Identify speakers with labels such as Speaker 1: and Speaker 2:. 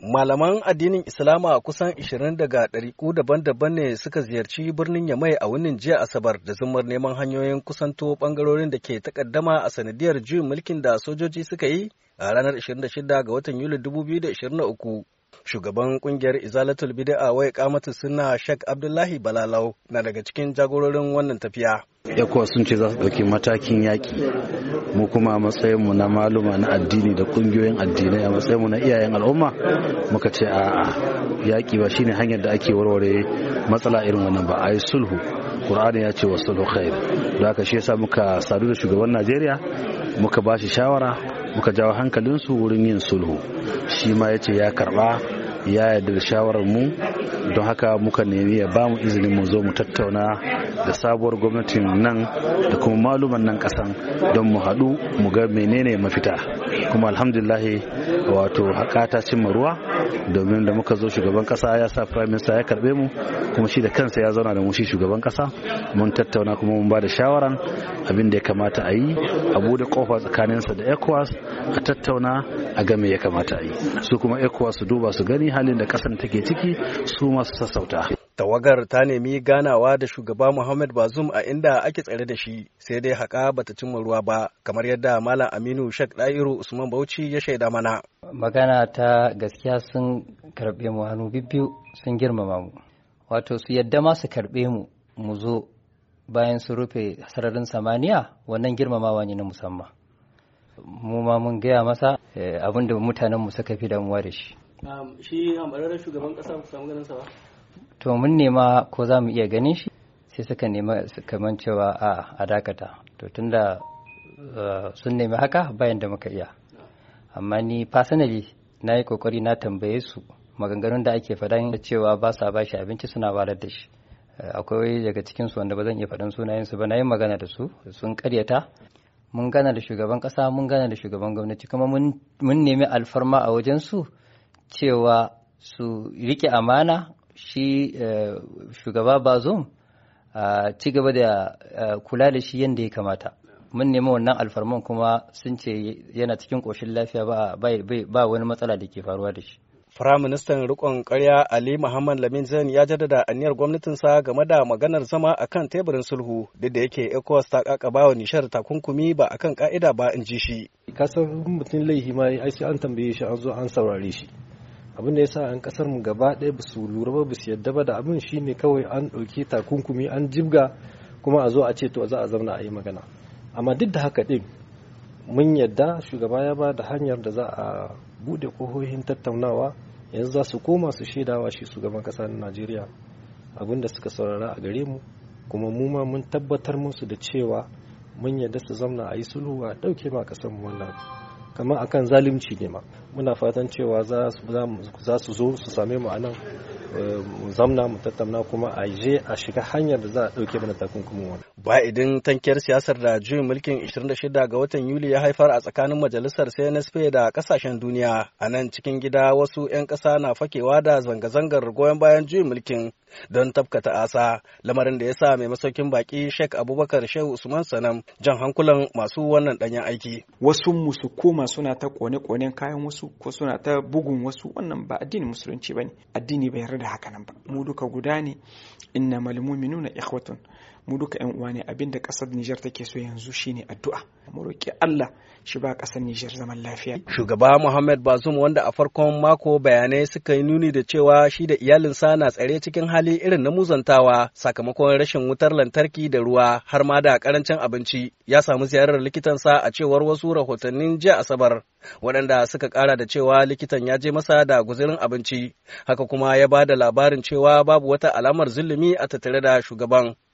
Speaker 1: Malaman addinin Islama kusan 20 daga ɗariƙu daban-daban ne suka ziyarci birnin Yamai a wannan jiya Asabar da zumar neman hanyoyin kusanto ɓangarorin da ke takaddama a sanadiyar juyin mulkin da sojoji suka yi a ranar 26 ga watan Yuli 2023. Shugaban kungiyar Izalatul Bid'a wai kamatu suna Sheikh Abdullahi Balalau na daga cikin jagororin wannan tafiya.
Speaker 2: ekuwa sun ce za su ɗauki matakin yaƙi mu kuma matsayinmu na maluma na addini da ƙungiyoyin addinai a matsayinmu na iyayen al'umma muka ce a yaƙi ba shine hanyar da ake warware matsala irin wannan ba a yi sulhu Qur'ani ya ce wa sulhu khair da haka shi yasa muka sadu da shugaban Najeriya muka ba shi shawara muka jawo hankalinsu wurin yin sulhu shi ma ya ce ya karba ya yarda da shawarar mu don haka muka nemi ya bamu izinin mu zo mu tattauna da sabuwar gwamnatin nan da kuma maluman nan kasan don mu haɗu mu ga menene mafita kuma alhamdulillahi wato haƙa ta cimma ruwa domin da muka zo shugaban kasa ya sa prime minister ya karbe mu kuma shi da kansa ya zauna da mu shi shugaban kasa mun tattauna kuma mun ba da shawaran abin da ya kamata a yi a bude kofa tsakaninsa da ecowas a tattauna a game ya kamata a yi su kuma ecowas su duba su gani halin da kasan take ciki su ma masu sassauta.
Speaker 1: Tawagar ta nemi ganawa da shugaba Muhammad Bazum a inda ake tsare da shi sai dai haƙa bata cimma ruwa ba kamar yadda Malam Aminu Shek Dairu Usman Bauchi ya shaida mana.
Speaker 3: Magana ta gaskiya sun karɓe mu hannu bibbiyu sun girmama mu. Wato su yadda ma su karɓe mu mu zo bayan su rufe sararin samaniya wannan girmamawa ne na musamman. Mu ma mun gaya masa eh, abin da mutanenmu suka fi damuwa da shi.
Speaker 1: shi hambararren shugaban kasa ku samu ganin sa ba
Speaker 3: to mun nema ko za mu iya ganin shi sai suka nema kaman cewa a a dakata to tunda eh, sun nemi haka bayan da muka iya amma ni personally na yi kokari na tambaye su maganganun da ake faɗan cewa ba sa ba shi abinci suna walar da shi eh, akwai daga cikin su wanda ba zan iya faɗan sunayen su ba na yi magana da su sun karyata mun gana da shugaban kasa mun gana da shugaban gwamnati kuma mun nemi alfarma a wajen su cewa su rike amana shi eh, shugaba bazum ci gaba da kula da shi yadda ya kamata mun nemi wannan alfarman kuma sun ce yana cikin ƙoshin lafiya ba wani matsala da ke faruwa da shi
Speaker 1: Firaministan rikon karya Ali Muhammad Lamin Zain ya jaddada aniyar gwamnatin sa game da maganar zama akan teburin sulhu duk da yake ECOWAS ta kakaba wa nishar takunkumi ba a kan ka'ida ba in ji shi. Kasar mutum laihi ma ai sai an tambaye shi an zo an saurare shi.
Speaker 4: abin da yasa an kasar mu gaba ɗaya ba su lura ba su yadda ba da abin shi ne kawai an ɗauki takunkumi an jibga kuma a zo a ce to za a zauna a yi magana amma duk da haka ɗin mun yadda shugaba ya ba da hanyar da za a buɗe kohohin tattaunawa yanzu za su koma su shaidawa shi shugaban ƙasa na najeriya abin da suka saurara a gare mu kuma mu ma mun tabbatar musu da cewa mun yadda su zauna a yi sulhu a ɗauke ma ƙasar mu wannan kamar akan zalunci ne ma muna fatan cewa za su zo su same mu a nan zamna mu tattauna kuma a je a shiga hanyar da za a dauke mana takunkumin wani.
Speaker 1: Ba idan tankiyar siyasar da juyin mulkin 26 ga watan Yuli ya haifar a tsakanin majalisar CNSP da kasashen duniya a nan cikin gida wasu 'yan kasa na fakewa da zanga-zangar goyon bayan juyin mulkin don tafkata asa lamarin da ya sa mai masaukin baki Sheikh Abubakar Shehu Usman Sanam jan hankulan masu wannan danyen aiki. Wasu musu koma suna ta kone-konen kayan wasu ko suna ta bugun wasu wannan ba addinin musulunci ba ne addini bai da haka nan ba mu duka guda ne innamal mu'minuna ikhwatun mu duka yan uwa ne abinda kasar Nijar take so yanzu shine addu'a mu roki Allah shi ba kasar Nijar zaman lafiya shugaba Muhammad Bazoum wanda a farkon mako bayanai suka yi nuni da cewa shi da iyalinsa na tsare cikin hali irin na muzantawa sakamakon rashin wutar lantarki da ruwa har ma da karancin abinci ya samu ziyarar likitansa a cewar wasu rahotannin jiya Asabar waɗanda suka ƙara da cewa likitan ya je masa da guzurin abinci haka kuma ya ba da labarin cewa babu wata alamar zulumi a tattare da shugaban